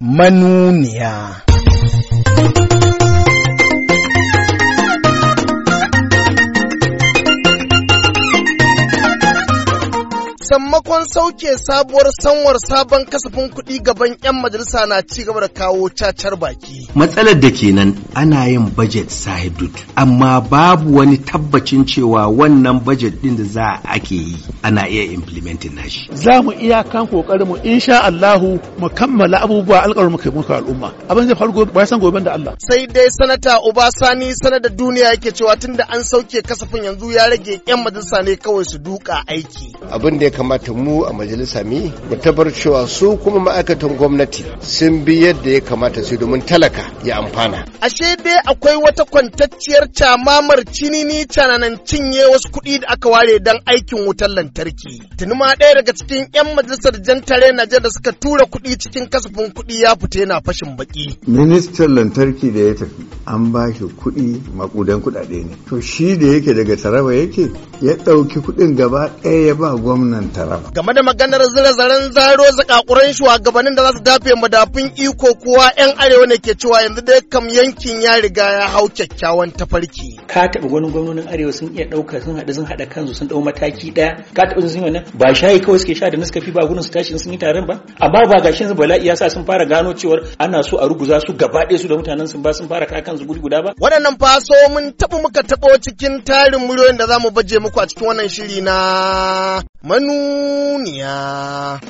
manuniya. sammakon sauke sabuwar sanwar sabon kasafin kuɗi gaban 'yan majalisa na ci gaba da kawo cacar baki. Matsalar da kenan ana yin bajet sahidud, amma babu wani tabbacin cewa wannan bajet ɗin da za a ke yi ana iya implementing nashi. Za mu iya kan mu insha Allahu mu kammala abubuwa alƙawarin mu kai muka al'umma. Abin zai faru gobe san goben da Allah. Sai dai sanata Obasani da duniya yake cewa tunda an sauke kasafin yanzu ya rage 'yan majalisa ne kawai su duka aiki. Abin da kamata mu a majalisa mi mu tabbatar cewa su kuma ma'aikatan gwamnati sun bi yadda ya kamata su domin talaka ya amfana. Ashe dai akwai wata kwantacciyar camamar cinini cananan cinye wasu kuɗi da aka ware dan aikin wutar lantarki. Tuni ma ɗaya daga cikin 'yan majalisar jantare Najar da suka tura kuɗi cikin kasafin kuɗi ya fita yana fashin baki. Ministan lantarki da ya tafi an ba shi kuɗi makudan kuɗaɗe ne. To shi da yake daga Taraba yake ya ɗauki kuɗin gaba ɗaya ya ba gwamnan jihar Game da maganar zira-zaren zaro zakakuran shugabannin da za su dafe madafin iko kowa 'yan arewa ne ke cewa yanzu dai kam yankin ya riga ya hau kyakkyawan tafarki. Ka taɓa wani gwamnonin arewa sun iya ɗauka sun haɗu sun haɗa kansu sun ɗau mataki ɗaya ka taɓa sun yi wannan ba shayi kawai suke sha da naskafi ba gurin su tashi sun yi taron ba amma ba ga yanzu bala'i ya sa sun fara gano cewar ana so a ruguza su gaba ɗaya su da mutanen sun ba sun fara ka kansu guri guda ba. Waɗannan faso mun taɓa muka taɓo cikin tarin muryoyin da za mu baje muku a cikin wannan shiri na manuniya.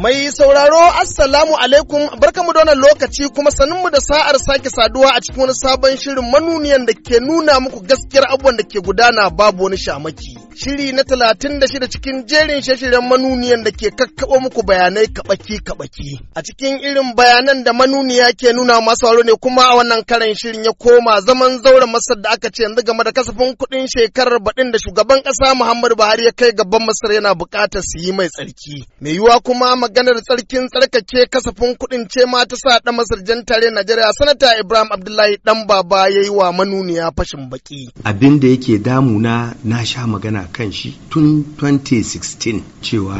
Mai sauraro Assalamu alaikum barkamu da wannan lokaci kuma sanin mu da sa'ar sake saduwa a cikin wani sabon shirin manuniyan da ke nuna muku gaskiyar abubuwan da ke gudana babu wani shamaki. shiri na talatin da shida cikin jerin shashiren manuniyan da ke kakkaɓo muku bayanai kaɓaki kaɓaki. A cikin irin bayanan da manuniya ke nuna masu aure ne kuma a wannan karan shirin ya koma zaman zaure masar da aka ce yanzu game da kasafin kuɗin shekarar baɗin da shugaban ƙasa Muhammadu Buhari ya kai gaban Masar yana buƙatar su yi mai tsarki. Mai yiwuwa kuma maganar tsarkin tsarkake kasafin kuɗin ce ma ta sa ɗan Masar jan tare Najeriya sanata Ibrahim Abdullahi ɗan baba ya yi wa manuniya fashin baƙi. Abin da yake damuna na sha magana kan shi tun 2016 cewa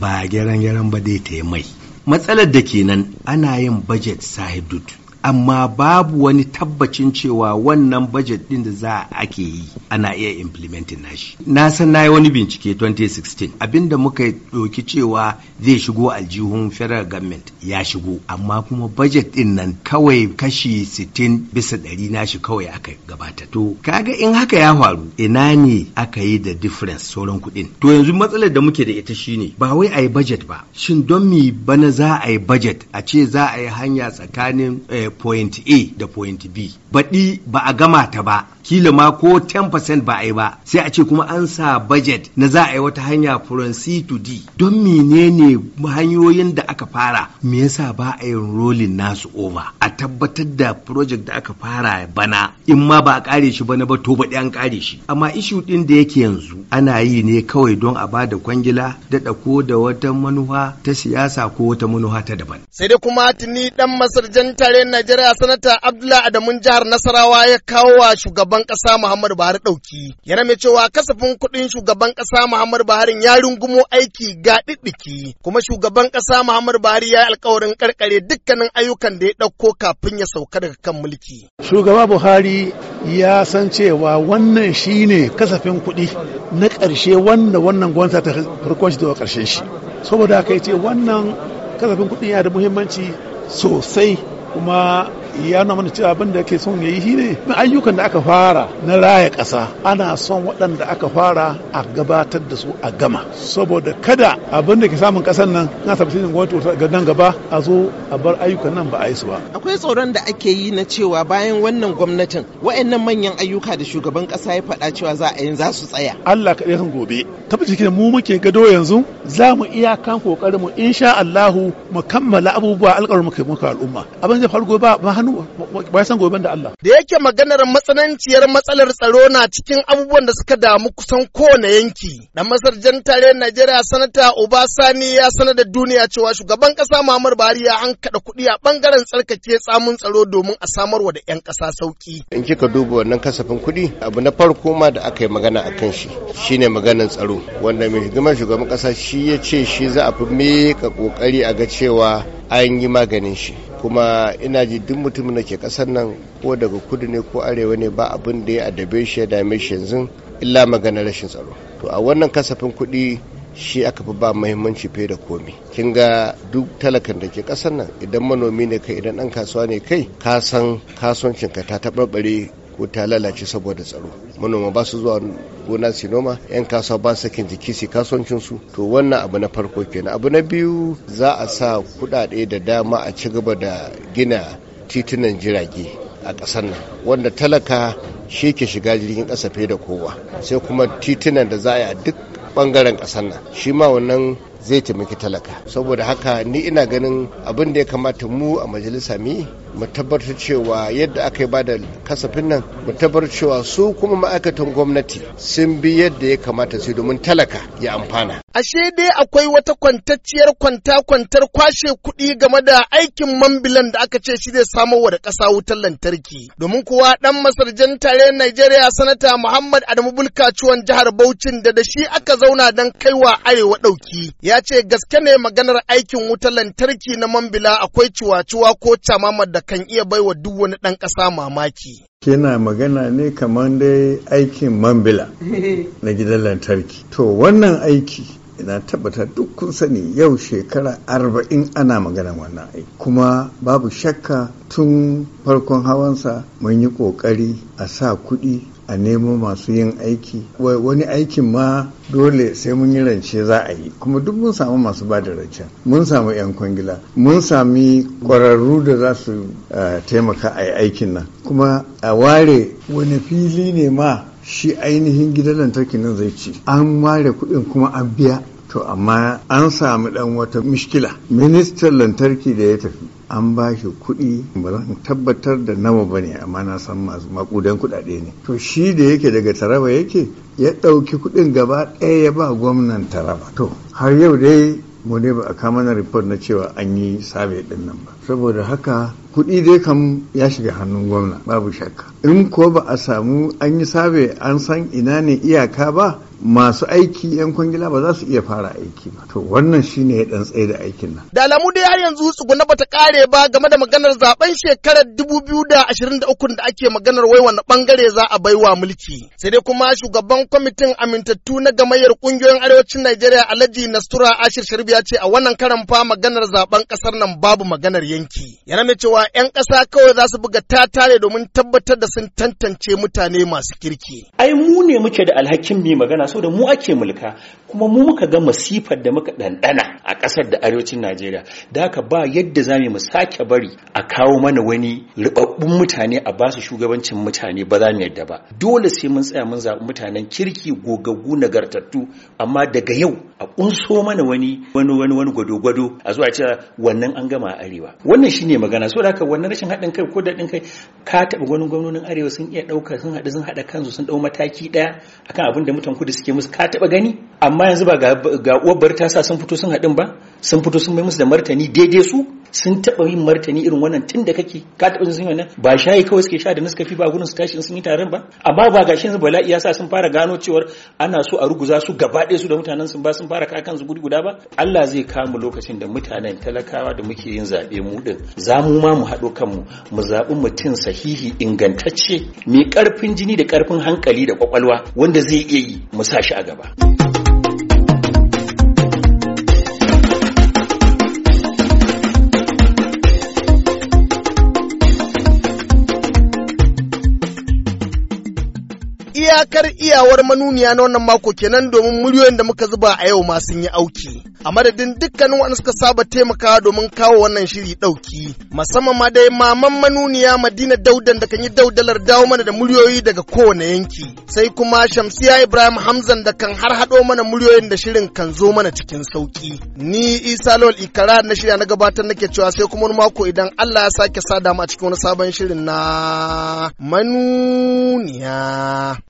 ba gyaran gyaran ba dai ta yi mai matsalar da kenan ana yin budget sahibdud amma babu wani tabbacin cewa wannan budget din da za a ake yi ana iya implementing nashi na san na yi wani bincike 2016 abinda muka ɗauki cewa zai shigo aljihun federal government ya shigo amma kuma budget din nan kawai kashi 60 bisa ɗari nashi kawai aka gabata to kaga in haka ya faru ina ne aka yi da difference sauran kuɗin to yanzu matsalar da muke da ita shine ba wai a yi budget ba shin don mi bana za a yi budget a ce za a yi hanya tsakanin eh, point A da point B. Baɗi ba a gama ta ba kila ma ko 10% ba a yi ba sai a ce kuma an sa budget na za a yi wata hanya from C to D don menene hanyoyin da aka fara me yasa ba a yin rolling nasu over a tabbatar da project da aka fara bana in ma ba a kare shi bana ba to baɗi an kare shi amma issue din da yake yanzu ana yi ne kawai don a bada kwangila da ɗako da wata manufa ta siyasa ko wata manufa ta daban sai dai kuma tuni dan masarjan tare Najeriya sanata Abdullahi Adamu jihar Nasarawa ya kawo wa shugaban shugaban ƙasa Muhammadu Buhari ɗauki. yana mai cewa kasafin kuɗin shugaban ƙasa Muhammadu Buhari ya rungumo aiki ga ɗiɗɗiki, kuma shugaban ƙasa Muhammadu Buhari ya yi alkawarin ƙarƙare dukkanin ayyukan da ya ɗauko kafin ya sauka daga kan mulki. Shugaba Buhari ya san cewa wannan shi ne kasafin kuɗi na ƙarshe wanda wannan gwamnati ta farkon shi zuwa ƙarshen shi. Saboda haka ya ce wannan kasafin kuɗi yana da muhimmanci sosai kuma ya na mana cewa abin da yake son yi shi ne ayyukan da aka fara na raya ƙasa ana son waɗanda aka fara a gabatar da su a gama saboda kada abin da ke samun ƙasan nan na tabbacin gwamnati ga nan gaba a zo a bar ayyukan nan ba a yi su ba akwai tsoron da ake yi na cewa bayan wannan gwamnatin waɗannan manyan ayyuka da shugaban ƙasa ya faɗa cewa za a yi za su tsaya Allah kaɗai san gobe tabbacin kin mu muke gado yanzu za mu iya kan kokarin mu insha Allahu mu kammala abubuwa alƙawarin muka al'umma abin da farko ba hannu ba san goben da Allah. Da yake maganar matsananciyar matsalar tsaro na cikin abubuwan da suka damu kusan kowane yanki. Da masar jan tare Najeriya sanata Obasani ya sanar da duniya cewa shugaban kasa Muhammadu Buhari ya an kada kuɗi a bangaren tsarkake tsamun tsaro domin a samar wa da 'yan ƙasa sauki. In kika duba wannan kasafin kuɗi abu na farko ma da aka yi magana a kan shi shine maganar tsaro wanda mai hidimar shugaban kasa shi ya ce shi za a fi mika kokari a ga cewa an yi maganin shi kuma ina ji duk mutumin da ke kasar nan ko daga kudu ne ko arewa ne ba abin da ya adabe shi ya dame shi yanzu illa maganar rashin tsaro to a wannan kasafin kuɗi shi aka fi ba muhimmanci fiye da komi kin ga duk talakan da ke kasar nan idan manomi ne kai idan ɗan kasuwa ne kai ka san kasuwancinka ta taɓarɓare ko ta lalace saboda tsaro manoma ba su zuwa gona su noma yan kasuwa ba sakin jiki su kasuwancin su to wannan abu na farko kenan abu na biyu za a sa kudade da dama a ci gaba da gina titunan jirage a ƙasar nan wanda talaka shi ke shiga jirgin ƙasa fiye da kowa sai kuma titunan da za a yi a duk bangaren ƙasar nan shi ma wannan zai taimaki talaka saboda haka ni ina ganin abin da ya kamata mu a majalisa mi mu tabbatar cewa yadda aka yi ba da kasafin nan mu tabbatar cewa su kuma ma'aikatan gwamnati sun bi yadda ya kamata su domin talaka ya amfana ashe dai akwai wata kwantacciyar kwanta kwantar kwashe kuɗi game da aikin mambilan da aka ce shi zai wa da ƙasa wutar lantarki domin kuwa ɗan masarjan tare Najeriya sanata Muhammad Adamu Bulka Bulkaciwan jihar Bauchin da da shi aka zauna don kaiwa arewa ɗauki ya ce gaske ne maganar aikin wutar lantarki na Mambila akwai ciwaciwa ko camama da kan iya baiwa duk wani ɗan ƙasa mamaki. Kina magana ne kamar dai aikin Mambila na gidan lantarki. To wannan aiki ina tabbata duk kun sani yau shekara arba'in ana magana wannan aiki kuma babu shakka tun farkon hawansa mun yi ƙoƙari a sa kuɗi a nemo masu yin aiki wani aikin ma dole sai mun yi rance za a yi kuma duk mun samu masu ba da rancen mun samu 'yan kwangila mun sami kwararru da za su eh, taimaka a yi aikin nan kuma a ware wani fili ne ma shi ainihin gidan lantarki nan zai ci an ware kuɗin kuma an biya to amma an samu ɗan wata mishkila ministan lantarki da ya tafi an ba shi kuɗi ba zan tabbatar da nawa ba ne amma na san masu makudan kuɗaɗe ne to shi da yake daga taraba yake ya ɗauki kuɗin gaba ɗaya ya ba gwamnan taraba to har yau dai mu ne ba a kamana report na cewa an yi sabe ɗin nan ba saboda haka kuɗi dai kam ya shiga hannun gwamna babu shakka in ko ba a samu an yi sabe an san ina ne iyaka ba masu aiki yan kwangila ba za su iya fara aiki ba to wannan shine ya dan tsaye da aikin nan da alamu dai har yanzu tsuguna bata kare ba game da maganar zaben shekarar 2023 da ake maganar wai wani bangare za a baiwa mulki sai dai kuma shugaban kwamitin amintattu na gamayyar kungiyoyin arewacin Najeriya Alhaji Nastura Ashir Sharbi ya ce a wannan karan fa maganar zaben kasar nan babu maganar yanki yana mai cewa yan kasa kawai za su buga tatare domin tabbatar da sun tantance mutane masu kirki ai mu ne muke da alhakin mi magana so da mu ake mulka kuma mu muka ga masifar da muka ɗanɗana a ƙasar da arewacin najeriya da haka ba yadda za mu sake bari a kawo mana wani ribabbun mutane a ba su shugabancin mutane ba za mu yadda ba dole sai mun tsaya mun zaɓi mutanen kirki gogaggu nagartattu amma daga yau a ƙunso mana wani wani wani wani gwado-gwado a zuwa cewa wannan an gama a arewa wannan shine magana so da haka wannan rashin haɗin kai ko daɗin kai ka taɓa gwanin gwamnonin arewa sun iya ɗauka sun sun haɗa kansu sun ɗau mataki ɗaya akan abin da mutan kudu suke musu ka taɓa gani amma yanzu ba ga uwar bari ta sa sun fito sun haɗin ba sun fito sun mai musu da martani daidai su sun taɓa yin martani irin wannan tun da kake ka taɓa sun yi ba shayi kawai suke sha da nasu kafi ba gudun su tashi sun yi taron ba amma ba ga shi yanzu bala'i ya sa sun fara gano cewar ana so a ruguza su gaba ɗaya su da mutanen sun ba sun fara ka kansu gudu guda ba Allah zai kama lokacin da mutanen talakawa da muke yin zaɓe mu din za mu ma mu haɗo kanmu mu zaɓi mutum sahihi ingantacce mai ƙarfin jini da ƙarfin hankali da ƙwaƙwalwa wanda zai iya yi mu sa shi a gaba. iyakar iyawar manuniya na wannan mako kenan domin muryoyin da muka zuba a yau ma sun yi auki. A madadin dukkanin waɗanda suka saba taimakawa domin kawo wannan shiri ɗauki, musamman ma dai maman manuniya Madina Daudan da kan yi daudalar dawo mana da muryoyi daga kowane yanki. Sai kuma Shamsiya Ibrahim Hamzan da kan har haɗo mana muryoyin da shirin kan zo mana cikin sauƙi. Ni Isa Lawal Ikara na shirya na gabatar nake cewa sai kuma wani mako idan Allah ya sake sada mu a cikin wani sabon shirin na manuniya.